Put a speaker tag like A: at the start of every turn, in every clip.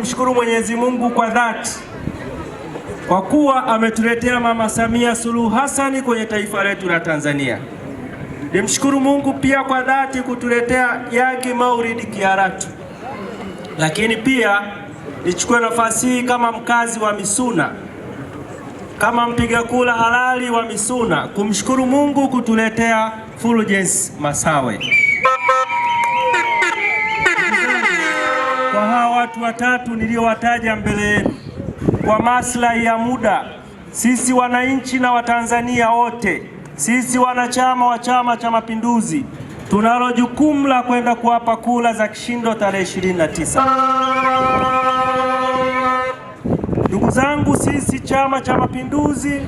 A: kumshukuru Mwenyezi Mungu kwa dhati kwa kuwa ametuletea Mama Samia Suluhu Hassan kwenye taifa letu la Tanzania. Nimshukuru Mungu pia kwa dhati kutuletea Yangi mauridi Kiaratu. Lakini pia nichukue nafasi hii kama mkazi wa Misuna, kama mpiga kula halali wa Misuna, kumshukuru Mungu kutuletea Fulgence Masawe. watu watatu niliowataja mbele yenu kwa maslahi ya muda, sisi wananchi na Watanzania wote, sisi wanachama wa Chama cha Mapinduzi tunalo jukumu la kwenda kuwapa kura za kishindo tarehe 29. Ndugu zangu, sisi Chama cha Mapinduzi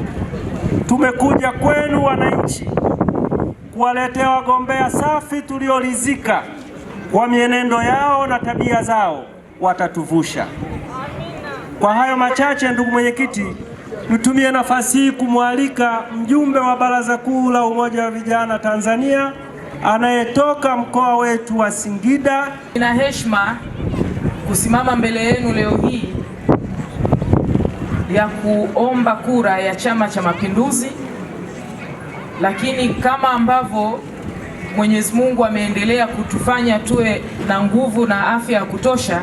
A: tumekuja kwenu wananchi kuwaletea wagombea safi tuliolizika kwa mienendo yao na tabia zao watatuvusha. Kwa hayo machache, ndugu mwenyekiti, nitumie nafasi hii kumwalika mjumbe wa Baraza Kuu la Umoja wa Vijana Tanzania anayetoka mkoa wetu wa Singida.
B: Nina heshima kusimama mbele yenu leo hii ya kuomba kura ya Chama cha Mapinduzi, lakini kama ambavyo Mwenyezi Mungu ameendelea kutufanya tuwe na nguvu na afya ya kutosha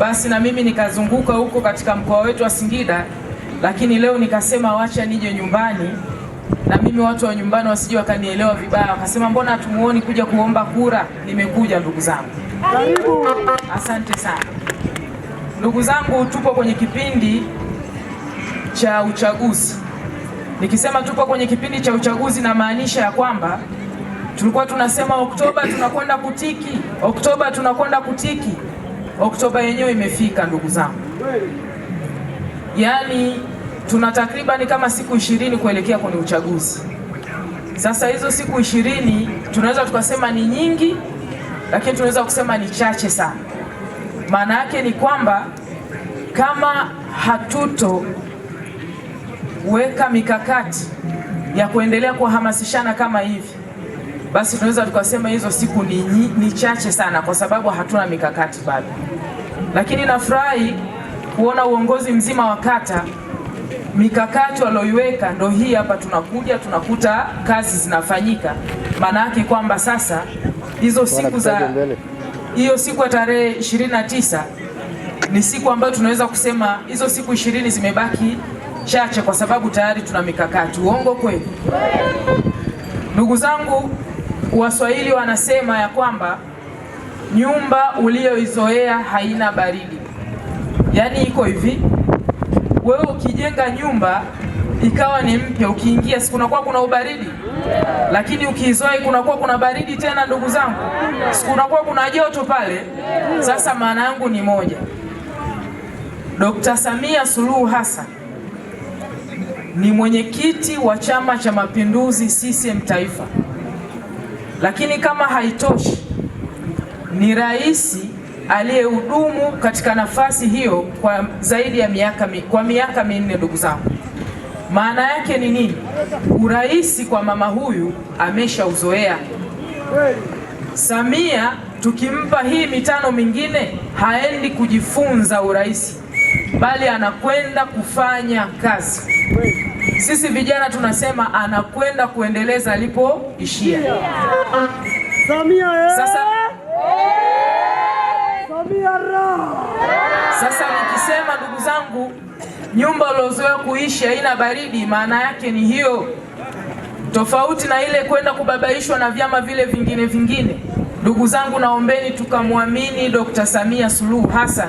B: basi na mimi nikazunguka huko katika mkoa wetu wa Singida, lakini leo nikasema wacha nije nyumbani, na mimi watu wa nyumbani wasije wakanielewa vibaya, wakasema mbona hatumuoni kuja kuomba kura. Nimekuja ndugu zangu, karibu. Asante sana ndugu zangu, tupo kwenye kipindi cha uchaguzi. Nikisema tupo kwenye kipindi cha uchaguzi, na maanisha ya kwamba tulikuwa tunasema Oktoba tunakwenda kutiki, Oktoba tunakwenda kutiki Oktoba yenyewe imefika ndugu zangu, yaani tuna takribani kama siku ishirini kuelekea kwenye uchaguzi. Sasa hizo siku ishirini tunaweza tukasema ni nyingi, lakini tunaweza kusema ni chache sana. Maana yake ni kwamba kama hatutoweka mikakati ya kuendelea kuhamasishana kama hivi, basi tunaweza tukasema hizo siku ni, ni chache sana, kwa sababu hatuna mikakati bado. Lakini nafurahi kuona uongozi mzima wa kata mikakati walioiweka ndo hii hapa, tunakuja tunakuta kazi zinafanyika. Maana yake kwamba sasa hizo siku za hiyo siku ya tarehe 29 ni siku ambayo tunaweza kusema hizo siku ishirini zimebaki chache, kwa sababu tayari tuna mikakati. Uongo kweli? Ndugu zangu, Waswahili wanasema ya kwamba nyumba uliyoizoea haina baridi. Yaani iko hivi, wewe ukijenga nyumba ikawa ni mpya, ukiingia siku kunakuwa kuna ubaridi, lakini ukiizoea kunakuwa kuna baridi tena, ndugu zangu, siku kunakuwa kuna joto pale. Sasa maana yangu ni moja, Dkt. Samia Suluhu Hassan ni mwenyekiti wa Chama cha Mapinduzi CCM Taifa, lakini kama haitoshi ni rais aliyehudumu katika nafasi hiyo kwa zaidi ya miaka kwa miaka minne. Ndugu zangu, maana yake ni nini? Urais kwa mama huyu ameshauzoea. Samia tukimpa hii mitano mingine haendi kujifunza urais, bali anakwenda kufanya kazi. Sisi vijana tunasema anakwenda kuendeleza alipoishia.
C: Samia eh! sasa
B: sasa nikisema ndugu zangu, nyumba uliozoea kuishi haina baridi, maana yake ni hiyo, tofauti na ile kwenda kubabaishwa na vyama vile vingine vingine. Ndugu zangu, naombeni tukamwamini Dr. Samia Suluhu Hassan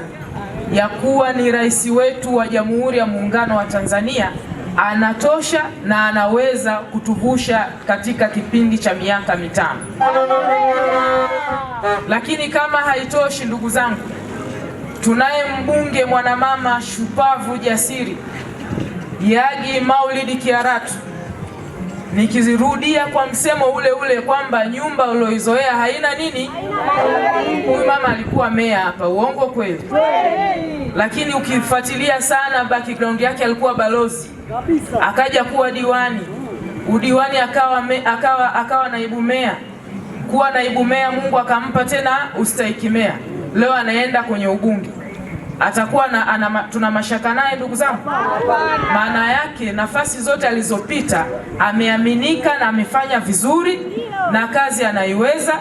B: ya kuwa ni rais wetu wa Jamhuri ya Muungano wa Tanzania anatosha na anaweza kutuvusha katika kipindi cha miaka mitano. Lakini kama haitoshi, ndugu zangu, tunaye mbunge mwanamama shupavu jasiri Yagi Maulidi Kiaratu nikizirudia kwa msemo ule ule kwamba nyumba ulioizoea haina nini. Huyu mama alikuwa meya hapa, uongo kweli? Lakini ukifuatilia sana background yake, alikuwa balozi, akaja kuwa diwani, udiwani akawa, me, akawa, akawa naibu meya, kuwa naibu meya, Mungu akampa tena ustahiki meya, leo anaenda kwenye ubunge atakuwa na, ana, tuna mashaka naye ndugu zangu. Maana yake nafasi zote alizopita ameaminika na amefanya vizuri na kazi anaiweza,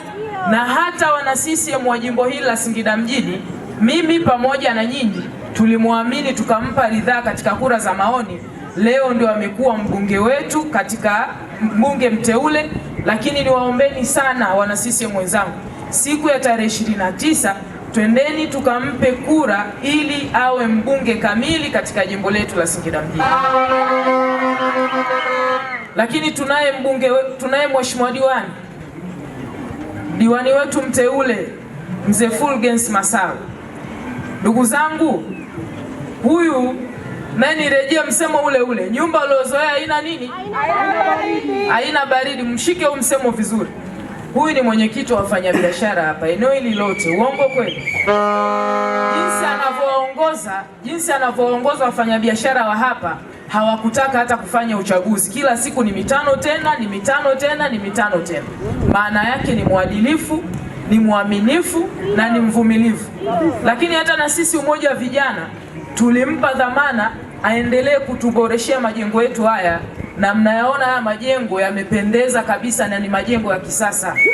B: na hata wana CCM wa jimbo hili la Singida mjini, mimi pamoja na nyinyi tulimwamini tukampa ridhaa katika kura za maoni. Leo ndio amekuwa mbunge wetu katika mbunge mteule, lakini niwaombeni sana wana CCM wenzangu, siku ya tarehe 29 twendeni tukampe kura ili awe mbunge kamili katika jimbo letu la Singida mjini. Lakini tunaye mbunge, tunaye mheshimiwa diwani, diwani wetu mteule mzee Fulgens Masawe. Ndugu zangu, huyu naye nirejea msemo ule ule, nyumba uliozoea haina nini? Haina baridi. Haina baridi, mshike huu msemo vizuri. Huyu ni mwenyekiti wa wafanyabiashara hapa eneo hili lote, uongo kweli? Jinsi anavyoongoza, jinsi anavyoongoza wafanyabiashara wa hapa, hawakutaka hata kufanya uchaguzi. Kila siku ni mitano tena, ni mitano tena, ni mitano tena. Maana yake ni mwadilifu, ni mwaminifu na ni mvumilivu. Lakini hata na sisi umoja wa vijana tulimpa dhamana aendelee kutuboreshea majengo yetu haya na mnayaona haya majengo yamependeza kabisa na ni majengo ya kisasa.